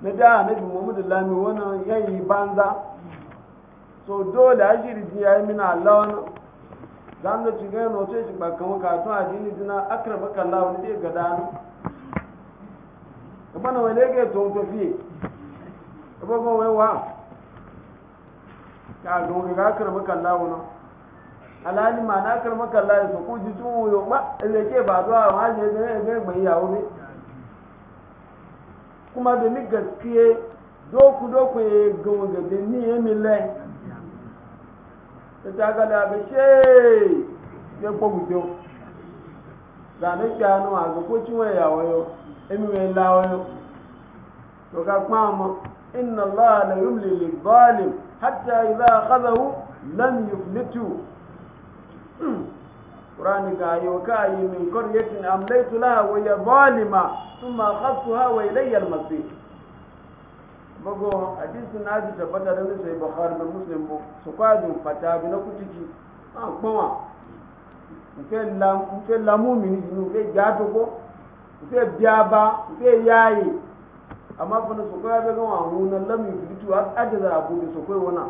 na da annabi muhammadu lami wani yayi banza so dole ashi riji ya yi mina allah wani za da ci gaya noce shi ba kamar katon ni dina akrabaka allah ne ga gada ni. na wale ga ya tuwon tafiye abubuwan waiwa ya ga ga karbi kalla wani alhali ma na karbi kalla ya sako ji tun wuyo ba ke ba zuwa ma je ga ya ga mai yawo ne kuma da ni gaskiye doku doku ya ga wani gabe ni ya milai ta taga da abin shi ya kwabu kyau zane kyanu a ga kocin waya wayo emi mai lawayo to ka kpa mo إن الله لا يملي للظالم حتى إذا أخذه لم يفلته [CLEARS THROAT] قرآن قال وكأي من قرية أمليت لها وهي ظالمة ثم أخذتها وإلي المصير bago hadisin na ji tabbata da sai bukhari da muslim bu su kwadu fata bi na kutiki an kuma nke la nke la mumini ni nke jato ko nke biaba yayi amma fana su sokoya bai gama wuna lam yuflitu har ajaza abu da sokoya wana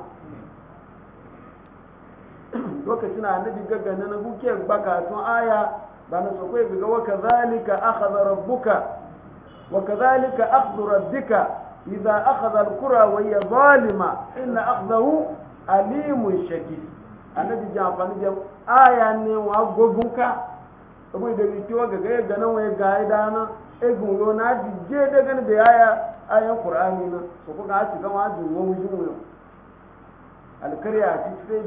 lokacin annabi gaggana na buke baka tun aya ba na sokoya bi ga wa kadhalika akhadha rabbuka wa kadhalika akhdhu rabbika idza akhadha alqura wa hiya zalima inna akhdahu alimun shadid annabi ja amfani da aya ne wa gogunka saboda da biki wanga ga yaga nan wai ga ai egun yo na dije da gan da yaya ayan qur'ani na so ko ga ci ga wa jin wo mujin wo sai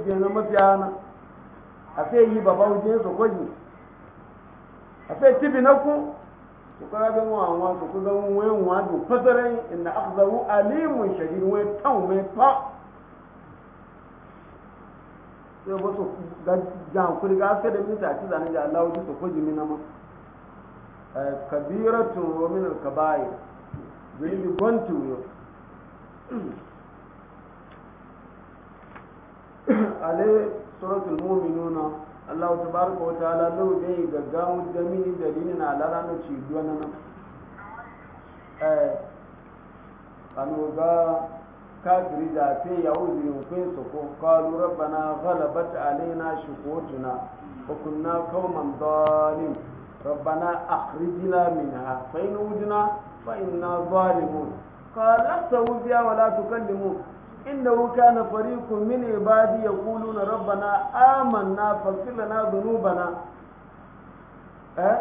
je na mafiya na a sai yi baba wuje so a sai tibi na ku so ko ga mu an wa so ko ga mu wai sai wasu jankuri ga sai da minta ci zane da Allah wuce su ko jimi na ma eh, kabiratun wa min al-kabair zunubi kwantu yo ale suratul mu'minuna Allah tabaraka wa ta'ala lau dai gaggamu da mini dalilin alala na ci duwana na eh kanu ga kafiri da ya wuce yahudi rufin su ko kwaru rabbana ghalabat alaina shukutuna wa kunna qauman zalim rabbana akhrijna minha fa in wujna fa inna zalimun qala sawdiya wa la tukallimu innahu kana fariqun min ibadi yaquluna rabbana amanna faghfir lana dhunubana eh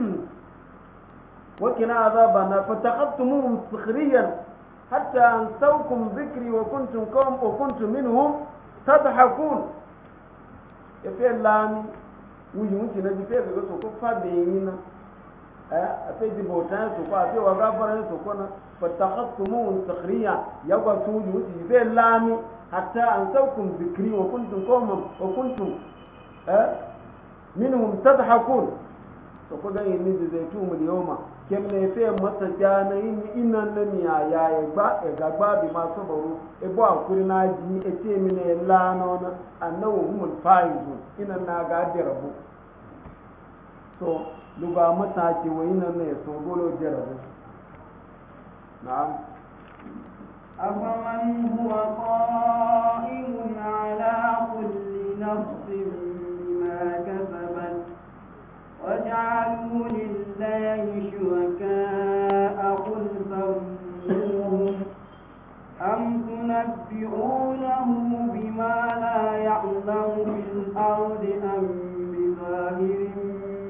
[CLEARS THROAT] wa kina azabana fa taqattumu sukhriyan حتى أنسوكم ذكري وكنتم قوم وكنتم منهم تضحكون يفعل لان ويجمونك نجي فيه فيه سوكو فابينينا أفيد بوتان سوكو أفيد وغرافران سوكونا فاتخذتمون سخريا يوغر سوجو يفعل لان حتى أنسوكم ذكري وكنتم قوم وكنتم منهم تضحكون so ko ga yin da zai tumu da yoma kem ne fe masa ja na yin inan na mi aya e gba e ga gba bi ma so baro e bo akuri na ji e te mi ne la no na annahu humul faizun inan na ga dirabu so luga mata ki wa inan ne so golo dirabu na'am أفمن هو قائم على كل نفس وجعلوا شركاء قل أم تنبئونه بما لا يعلم أم بظاهر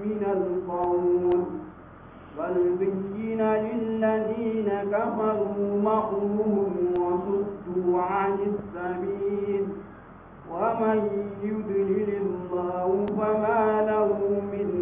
من القول للذين كفروا وصدوا عن السبيل ومن يدلل الله فما له من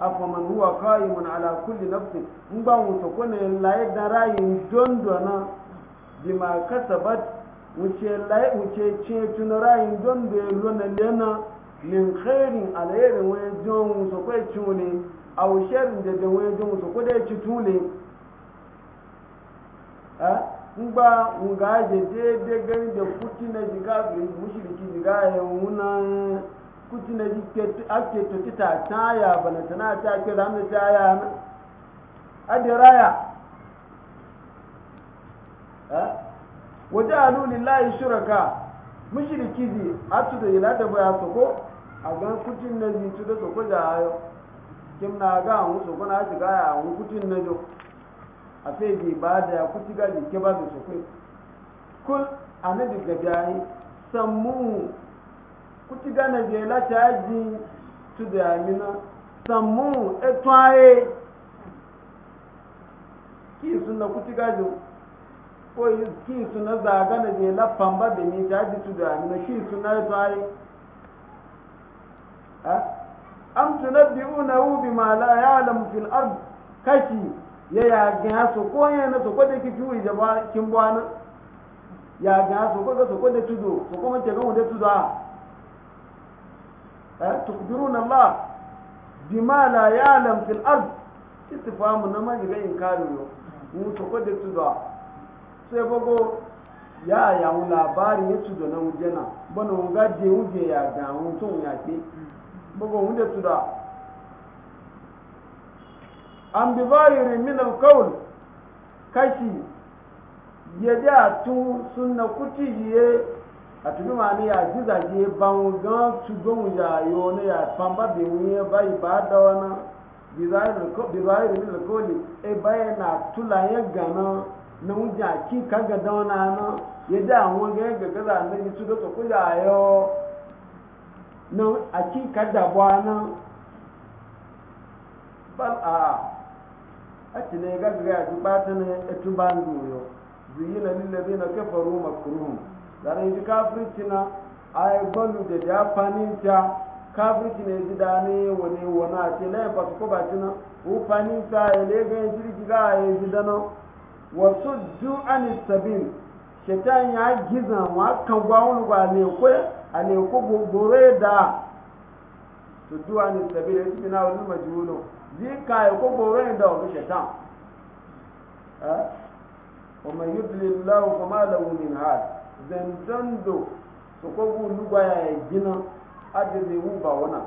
afaman huwa qa'imun ala kulli nafsin in ba mu to kone laye da rayin dondona bima kasabat wuce laye wuce ce tun rayin dondo lona lena min khairin alayrin wa jon so ko tuni aw sharin da da wa jon so ko da ci tuni a in ba mu ga je de de gani da kuti na jiga mushriki jiga ya wunan kuti na ta ake tutita caya bana tana ta ke zamu caya na adiraya waje alu lillahi shuraka mushriki ji atu da yana da baya soko a gan kutin na ji tu da soko da ayo kim na ga an soko na ji ga ya an kutin na jo a fe ji ba da kuti ga ji ke ba da soko kul anadi ga jayi sammu kuti gana je la chaji tu da amina samu etwaye ki suna kuti gajo ko ki suna za gana je la pamba be ni chaji tu da amina ki sunna etwaye ha am tunabbi'unahu bima la ya'lamu fil ard kashi ya ya ga so ko ya na so ko da ki tuwi jaba kin bwana ya ga so ko ga so ko da tudo so ko mun ce ga mun da tudo a تخبرون الله بما لا يعلم في الأرض استفهام نما يبقى إنكار متقدر تدعى سيبقوا ya yawon labarin ya tudo na wujena bana wuga je wuje ya ga mutum ya ke bugu wuje tuda an bi zahiri min alkaul kashi ya da tun kuti ye a cikin mani ya ji zage gan su ya yayo ne ya famba bi wuye bai ba da wani bizayir mil koli e na ya gana na wuce a ki ka ga dauna na ya da awon ga ga ga za ne su ga ku na a ki ka da bwana bal a a ci ne ga ga ya ji ba ta zana yi kafirci na a yi gbalu da da paninta kafirci ne ji da ne wani wani a ce lai ba su ko ba ci na ko paninta ya lega ya jirgi ga a yi ji wasu ju an sabin shetan ya giza wa kan gwa ba ne ko a ne ko gogore da su ju an sabin ya ci na wani majiwuno zika ya ko gogore da wani shetan ومن يضلل الله فما له من هاد zanzando su kogu nuba ya gina ajin ne mu ba wana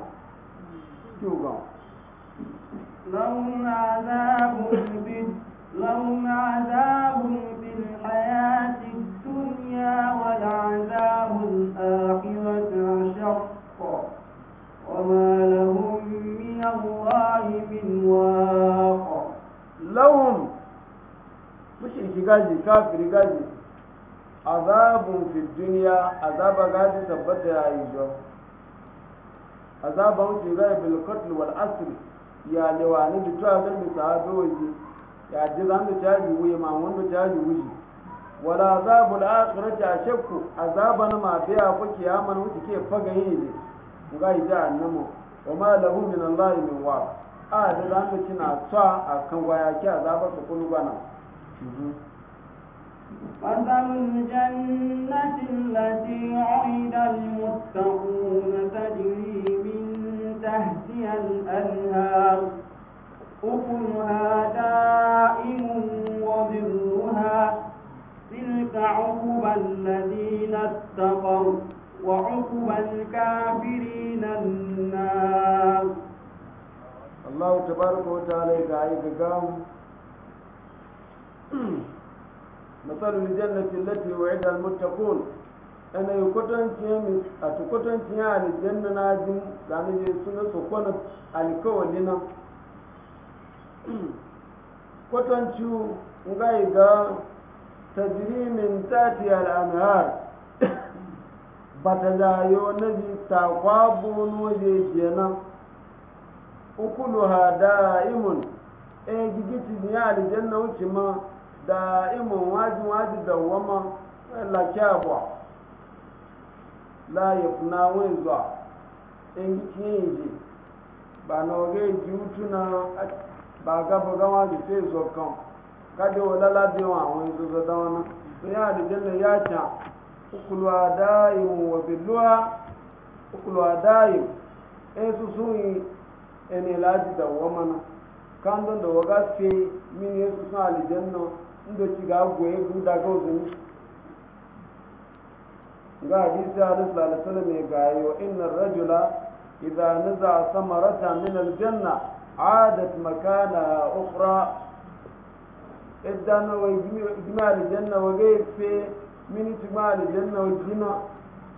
ki o gan. Launa za mu bi launa za mu bi wa da za mu akiwata shakko. Wama lahun miya wahi min wako. azabun fi duniya azaba ta tabbata ya yi jo azaba wuce ga bil qatl wal asr ya lewani da tuwa da sahabo yi ya ji zan da jaji wuye ma da jaji wuji wala azabul akhirati ashakku azaban ma biya ku kiyaman wuce ke faga yi ne ga yi annamo wa ma lahu min allahi min wa a da zan da kina tsa akan waya ki azaba su kullu bana mhm. مثل الجنة التي وعد المتقون تجري من تحتها الأنهار أكلها دائم وظلها تلك عقبى الذين اتقوا وعقبى الكافرين النار الله تبارك وتعالى قائد قام مثل الجنة التي وعد المتقون أنا يكتنتي أتكتنتي على الجنة نادم لأن يسونا سكونا الكولنا كتنتي غايغا تجري من تاتي الأنهار بتجايو نجي تقابون وجيجينا أكلها دائم أي جيجي تجني على الجنة وشما da'imun wajin waji dawwama la kyabwa la yafna wanzuwa in kiyin ji ba na oge jiutuna ba ga buga wani fe zo kan kaje wala labi wa wani zo zo da wani to ya da dinna ya ta ukulwa da'im wa billuwa ukulwa da'im e su sun ene laji dawwama na kan don da waga fe min yesu sun alijanna ndoci ga goye guda ga uzun ga hadisi hadis la lasala mai gayo inna rajula idza naza samarata min aljanna adat makana ukhra idan wa jima aljanna wa gaife min jima aljanna wa jima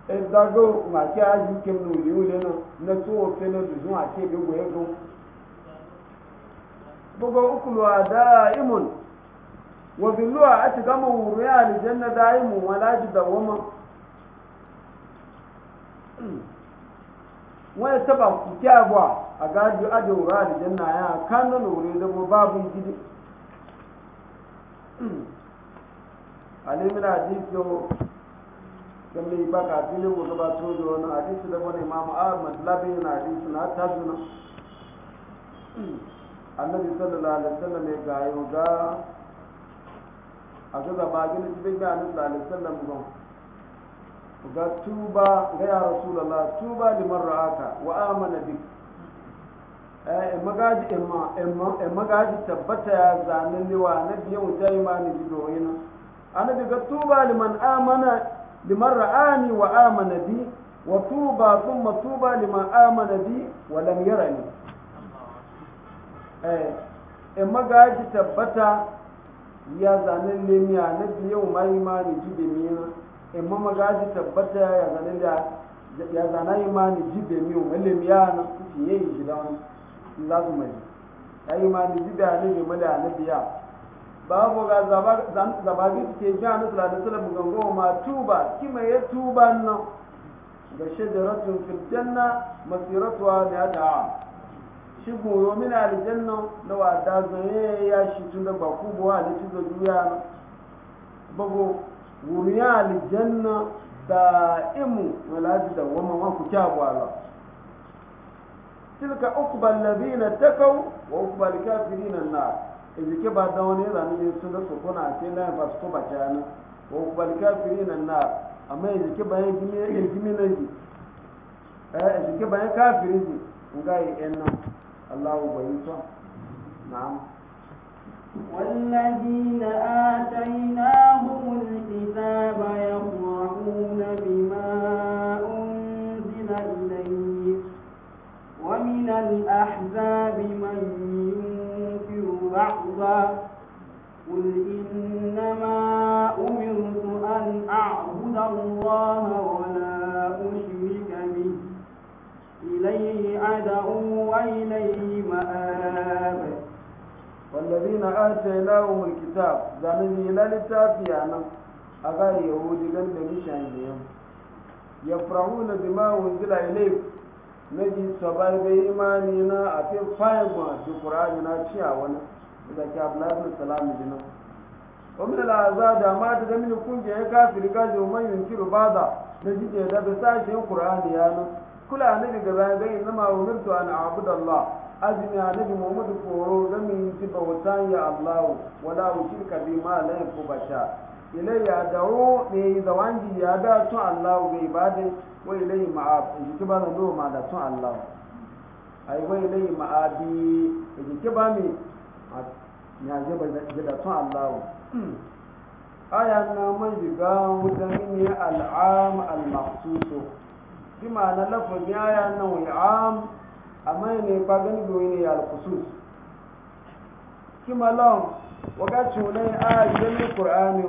idago ma ki aji kem no yule no na to fe no duzun ake be goye go bogo ukulu adaimun wabiluwa a ci gama wuri a aljanna daimun wala ji dawama wani taba ku kyawa a gaji aje wuri a aljanna ya kanan wuri da babu gidi alimin hadisiyo da mai baka filin ku gabato da wani hadisi wani na na ya a ga gaba gina jibe ga nan lalisan nan gon ga tuba ga ya rasulullah tuba liman ra'aka wa amana bi eh magaji tabbata ya zanen liwa na biye wuta ji jido na annabi ga tuba liman amana liman ra'ani wa amana bi wa tuba thumma tuba liman amana bi wa lam yarani eh, magaji tabbata ya zanen lemiya na fi yau ma imani ji da miya imma magaji tabbata ya zanen da ya zana ni ji da miya wani lemiya na kuci ya yi shida wani za su mai ya imani ji da ne mai da na biya ko ga zabagi ke ji a sula da sula bugango ma tuba kima ya tuba nan ga shadaratun fil janna masiratuwa da ya da'a shi goyo mina aljanna na wata zane ya shi tun da ba ku buwa da tun da duniya na bago wuriya aljanna da imu walaji da wama wa ku kya bwala tilka ukbal ladina takau, wa ukbal kafirin annar izike ba da wani zane ne sun da sokona a cikin layin fasu ko bacana wa ukbal kafirin annar amma izike bayan gimi ne gimi ne eh izike bayan kafirin ne yi enna الله بيوتا نعم والذين آتيناهم الكتاب يقرؤون بما أنزل إليه ومن الأحزاب من ينكر بعضا قل إنما أمرت أن أعبد الله ولا أشرك إليه عدو وإليه مآب والذين آتيناهم الكتاب زمني إلى لتافيانا أغار يهود لن ديهم يفرعون بما أنزل إليك نجي سبار بإيماننا أفي فايما في قرآننا تشاونا إذا كاب لازم السلام جنا ومن الأعزاد ما تدمن كنت يكافر كاجر من ينكر بعضا نجي تهدى بساشي قرآن يانا kula nabi ga zagaye na ma'aunarta an abuda Allah azumi a nabi Muhammadu koro gami ci bautan ya Allah wala shirka bi ma la Ila ilayya da'u ne da wangi ya da tun Allah ga ibade wa ilayhi ma'ab in ji ba na ma da tun Allah ai wa ilayhi ma'abi in ji ba mi ya je ba da tun Allah aya na man diga wutan ne al'am al-maqsusu bi na lafazin aya nan wani am amma ne ba gani bi wani ya alkusus kima lawan wakacin wani aya ganin qur'ani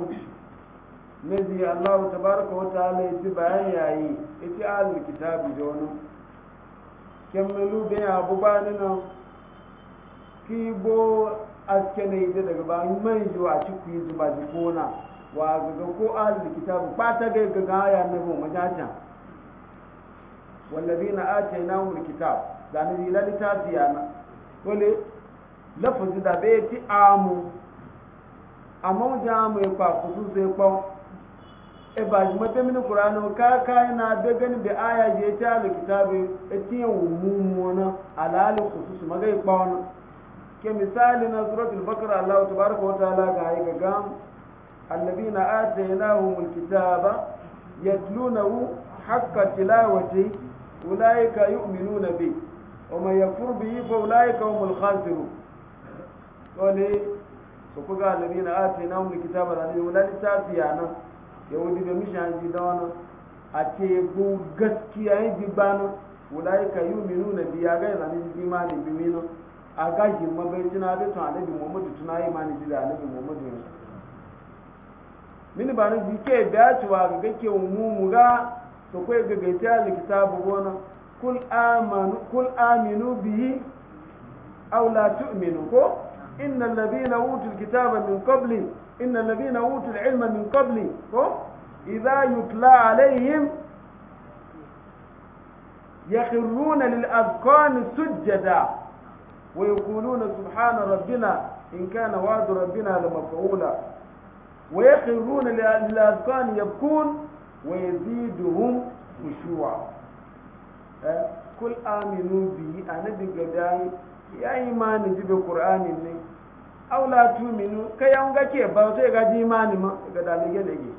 nazi allahu tabaraka wa ta'ala ya ci bayan yayi ita alul kitabi da wani bin abu ba ni nan ki bo aske na ita daga ba mai yiwa ci ku yi zuba wa gaga ko ba ta ga ya na majajan wallazina atainahumul kitab da ni la litafi yana dole lafazi da be ti amu amma ja mu pa kusu se pa e ba ji mata mini qur'anu ka ka na da gani da aya je ta al kitabi etiye umumuna alal kusu magai pa wannan ke misali na al bakara Allah tabaraka wa ta'ala ga yi ga gam alladhina atainahumul yatluna hu haqqa tilawati أولئك يؤمنون به ومن يكفر به فأولئك هم الخاسرون ولي سكوكا الذين آتيناهم الكتاب العزيز ولا لتافيانا يهودي بمشان جدانا أتيبو غسكيا جبانا أولئك يؤمنون به أغاية عن الإيمان بمينا أغاية مبيتنا بيتنا على محمد تنا إيمان جدا على محمد من بارك بكي بيات وغاكي ومومغا so kwe gagaita alkitabu gona kul amanu kul aminu bihi aw la tu'minu ko innal ladina utul kitaba min qabli innal ladina utul ilma min qabli ko idha yutla alaihim يخرون للأذقان سجدا ويقولون سبحان ربنا إن كان وعد ربنا لمفعولا ويخرون للأذقان يبكون wa yaziduhum khushu'a eh kul aminu bi anabi gadai ya imani jibe qur'anin ne aw la tu'minu kayan gake ba to ga ji imani ma ga dalige lege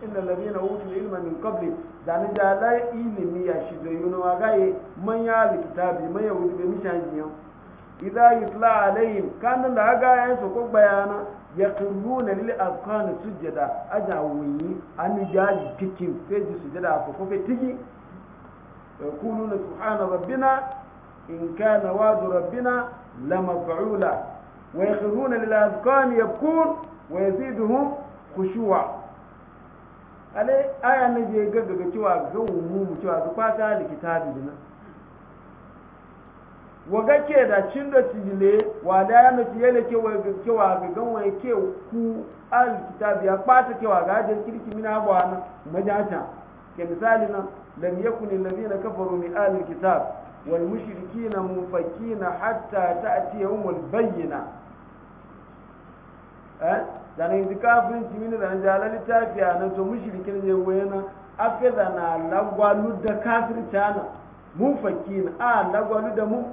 inna alladhina utul ilma min qabli dan da la ilmi ya shido yuno agaye man ya alkitabi man ya wuce be mishan jiyan idza yutla alaihim kan da aga yan so ko bayana yaqruna lil azqani sujada aja wuyi an jaji tikin feji sujada ko ko tiki yaquluna subhana rabbina in kana wa'du rabbina lamaf'ula wa yakhruna lil azqani yabkun wa yaziduhum khushu'a ale aya ne je gaggaga cewa ga mu mu cewa ga fata likitabi dinan waga ke da cin da tijile wa da ya nufi yele ke wa ke wa ga gan wa ke ku al kitabi ya pata ke wa ga da kirki mina abu ana majata ke misali na lam yakun alladhina kafaru min al kitab wal mushrikina munfakina hatta ta'ti yawm al bayyina eh dan in bin timin da jalal tafiya na to mushrikin je wayana afida na lagwalu da kafir tana munfakina a lagwalu da mu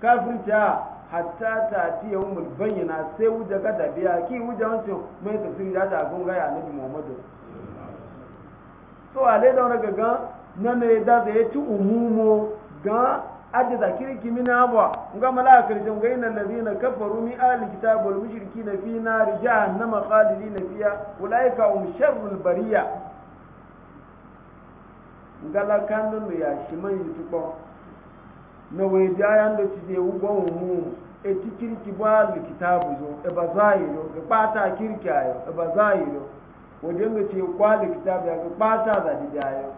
kafirci hatta ta ti yawmul bayyana sai wuja gada biya ki wuja wancin mai tafsiri da ta gunga ya nabi muhammadu so ale da wani gaga na ne da da ya ci umumo ga adda da kirki min abwa ga malaka karshen ga inna allazina kafaru mi ahli kitab wal na fi nar jahannama na fiha ulaika um sharrul bariya ngala kanu ya shiman tukon na wai jayan da ci zai wugon mu e ti kirki ba likitabu zo e ba za yi yo ga bata kirki ayo e ba za yi yo wajen ga ce kwa likitabu ya ga bata da di jayo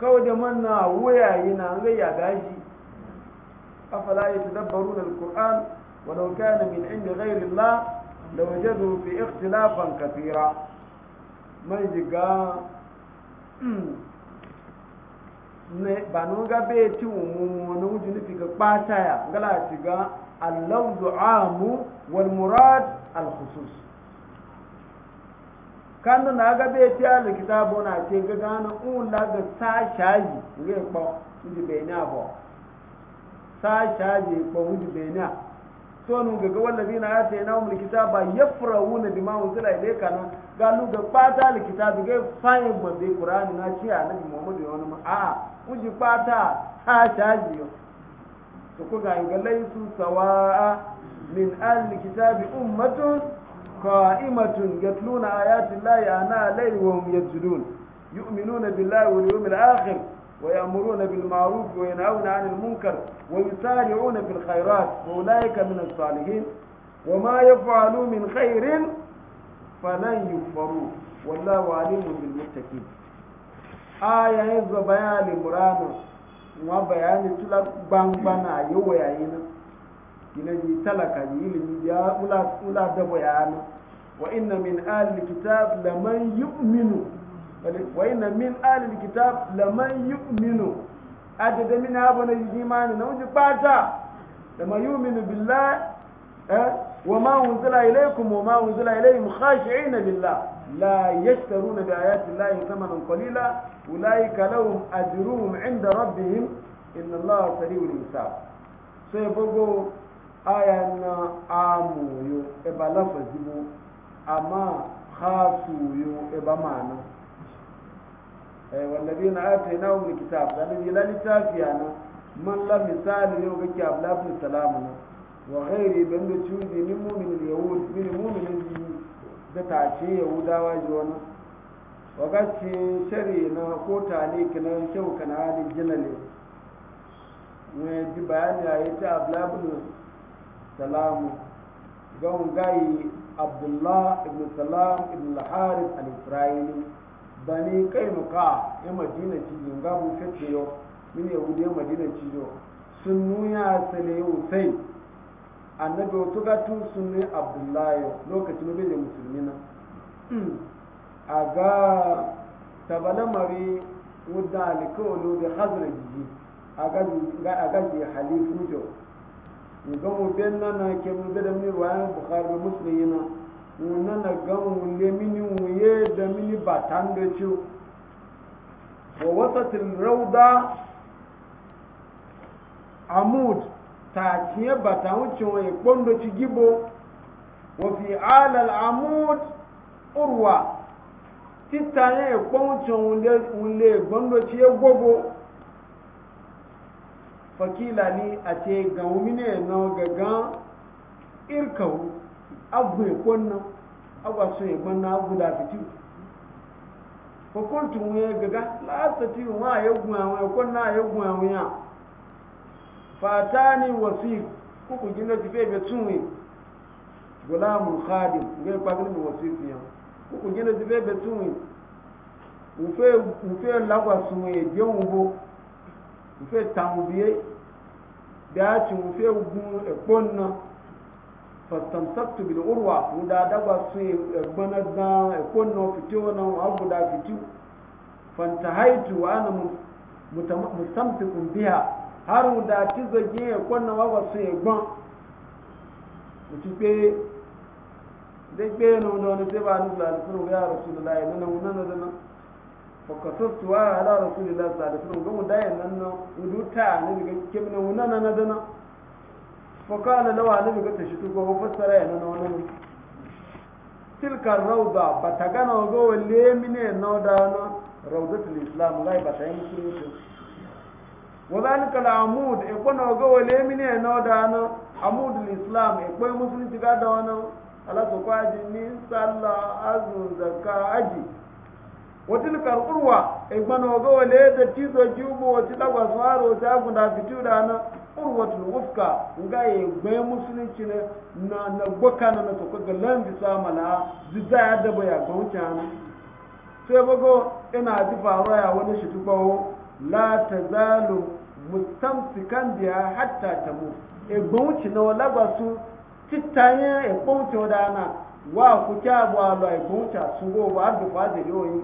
kawai da manna wuya yi na ga ya gashi afala alkur'an alquran wuka na min inda indi la da waje fi ikhtilafan kafira mai jiga ba nu ga be ti umumu na wuji fi ka kpata ya ngala ci ga allawzu amu wal murad al khusus kanu na ga bai ti al kitabo na ce ga gana un la ga sa shaji nge kpo wuji be na bo sa shaji kpo wuji bai na so nu ga ga wal na ate na umul kitaba yafrawuna bima unzila ilayka na galu ga kpata al kitabi ga ba bi qur'ani na ce annabi muhammadu yawna ma a'a kuji fata ta shaji yau su kuka ingalai laisu sawa'a min ahli kitabi ummatun qa'imatun yatluna ayati llahi ana layli wa hum yajlun yu'minuna billahi wal yawmil akhir wa ya'muruna bil ma'ruf wa yanhauna 'anil munkar wa yusari'una bil khairat wa ulaika min as-salihin wa ma yaf'alu min khairin falan yukfaru wallahu 'alimun bil muttaqin aya ya zo ya limurana wa bayani tula gbangba na yi wa yayi na ina ji talaka ji ilimi ya ula da bayani wa inna min ahli kitab laman yu'minu wa inna min ahli kitab laman yu'minu adada min abu na yi imani na wuce fata laman yu'minu billah eh, wa ma unzila ilaykum wa ma unzila ilayhim khashi'ina billah لا يشترون بآيات الله ثمنا قليلا أولئك لهم أجرهم عند ربهم إن الله سريع الحساب سيبقوا آية آمويو إبا لفظيو أما خاصويو إبا معنى والذين آتيناهم الكتاب لأنه لا لتافيانا من لم يسال يوم كتاب لا سلامنا وغيري بأنه تشوزي من مؤمن اليهود من مؤمن اليهود da ta ce yahudawa ji wani wagacin shari na ko ne na kyau kana halin ne ne. ji bayani a yi ta abu salamu gan gai abdullah ibn salam ibn al-harith al-isra'ili bani kai muka ya madina ci ginga bu fete yau min ya madina ci yau sun nuna sale yau sai annabi wato ga tun ne abdullahi lokacin bai da musulmi na a ga tabala mari wadda alikawalo da hazara jiji a ga halifu jo ga mu ben na na ke mu da mini ruwayan bukhari da musulmi na mu na na ga mu le mini mu ye da mini batan da ciwo wa wasatil rauda amud takiye bata wuce wani kpondo ci gibo wa fi alal amud urwa tita ya ekpo wuce wule kpondo ci ya gogo fakila ni a ce ga wumine na gagan irkawu abu ekpo nan abu so ekpo nan abu da fiti fakultu ya gaga la sati wa ya gwa wa ekpo na ya gwa wa fatani wasiq kuku jinna ti bebe tunwi gulamu khadim nge pagni mu wasiq yan kuku jinna ti bebe tunwi ufe ufe lagwa sunwe je unbo ufe tambiye da ci ufe gun ekponna fastamsaktu bil urwa da dagwa gbana ekponna da ekponna fitiwa na abu da fitiu fantahaitu wa ana mustamsikun biha harun da ti zogi ẹ̀kọ́ náà wà sún ẹ̀gbọ́n òtún pé dégbé ẹnu ọdún ọdún tí bá a nígbà àdúgbò wíyá rọ̀ṣùlù láì nínú ọmọ náà lọ́dún ọkọ̀ tó tù wá àdá rọ̀ṣùlù láì sàdùkú náà gbọ́n dáyẹ̀ nánà ìlú tà níbi kémi náà wọn náà lọ́dún náà fọkọ́ àlọ́ lọ́wọ́ níbi kó tẹ̀sí tó gbọ́ fọ́sára ẹ̀ nínú ọdún náà tilka rauda bata gana ogowa lemi ne na wadana raudatul islam gai bata yi musulunci وذلك العمود يكون وقوة ليمين ينودانا عمود الإسلام يكون مسلم تقادوانا على سقوة جنين صلى أزو زكاة أجي وتلك القروة يكون وقوة ليدة تيزو جيوبو وتلقى سوارو وتاقو نافتو دانا urwatul wufka nga ye gbe musulunci ne na na gwaka na to ko galan bi sama na ziza ya da baya ga wucana sai bago ina ji faruwa ya wani shi tubawo la tazalu mustamsikan biya hatta tamu egbon wuce na walaba su titayen egbon wuce wadana wa ku kya bu alo egbon wuce su go ba du fa da yoyi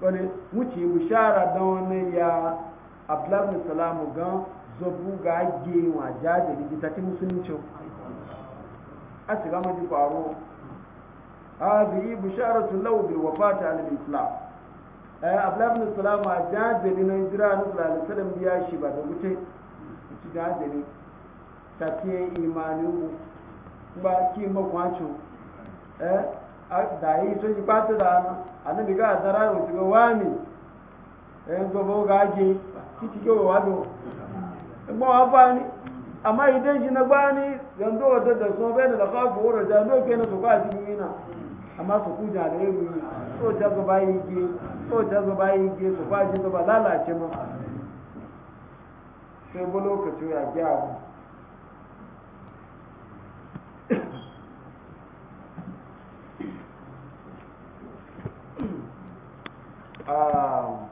wani wuce bishara don wani ya abdullahi bin salamu gan zobu ga ge wa jaje ni ta ti musulunci asiga ma ji faro هذه بشارة له بالوفاة على الإسلام Eh, abdullahi bin salama jajali na jira na sallallahu alaihi biya shi ba da wuce ci jajali ta ke imani ba ki makwacin eh da yi sun yi ba da annabi ga dara yau shiga wani eh to ba ki ci wa do wa ba ni amma idan shi na bani yanzu wata da sun bai da kafu su ba amma su kuja da yau so ta ga bayi ke so ta zuba yi ke su ba shi zuba lalace mu sai bu lokacin ya gyaru um,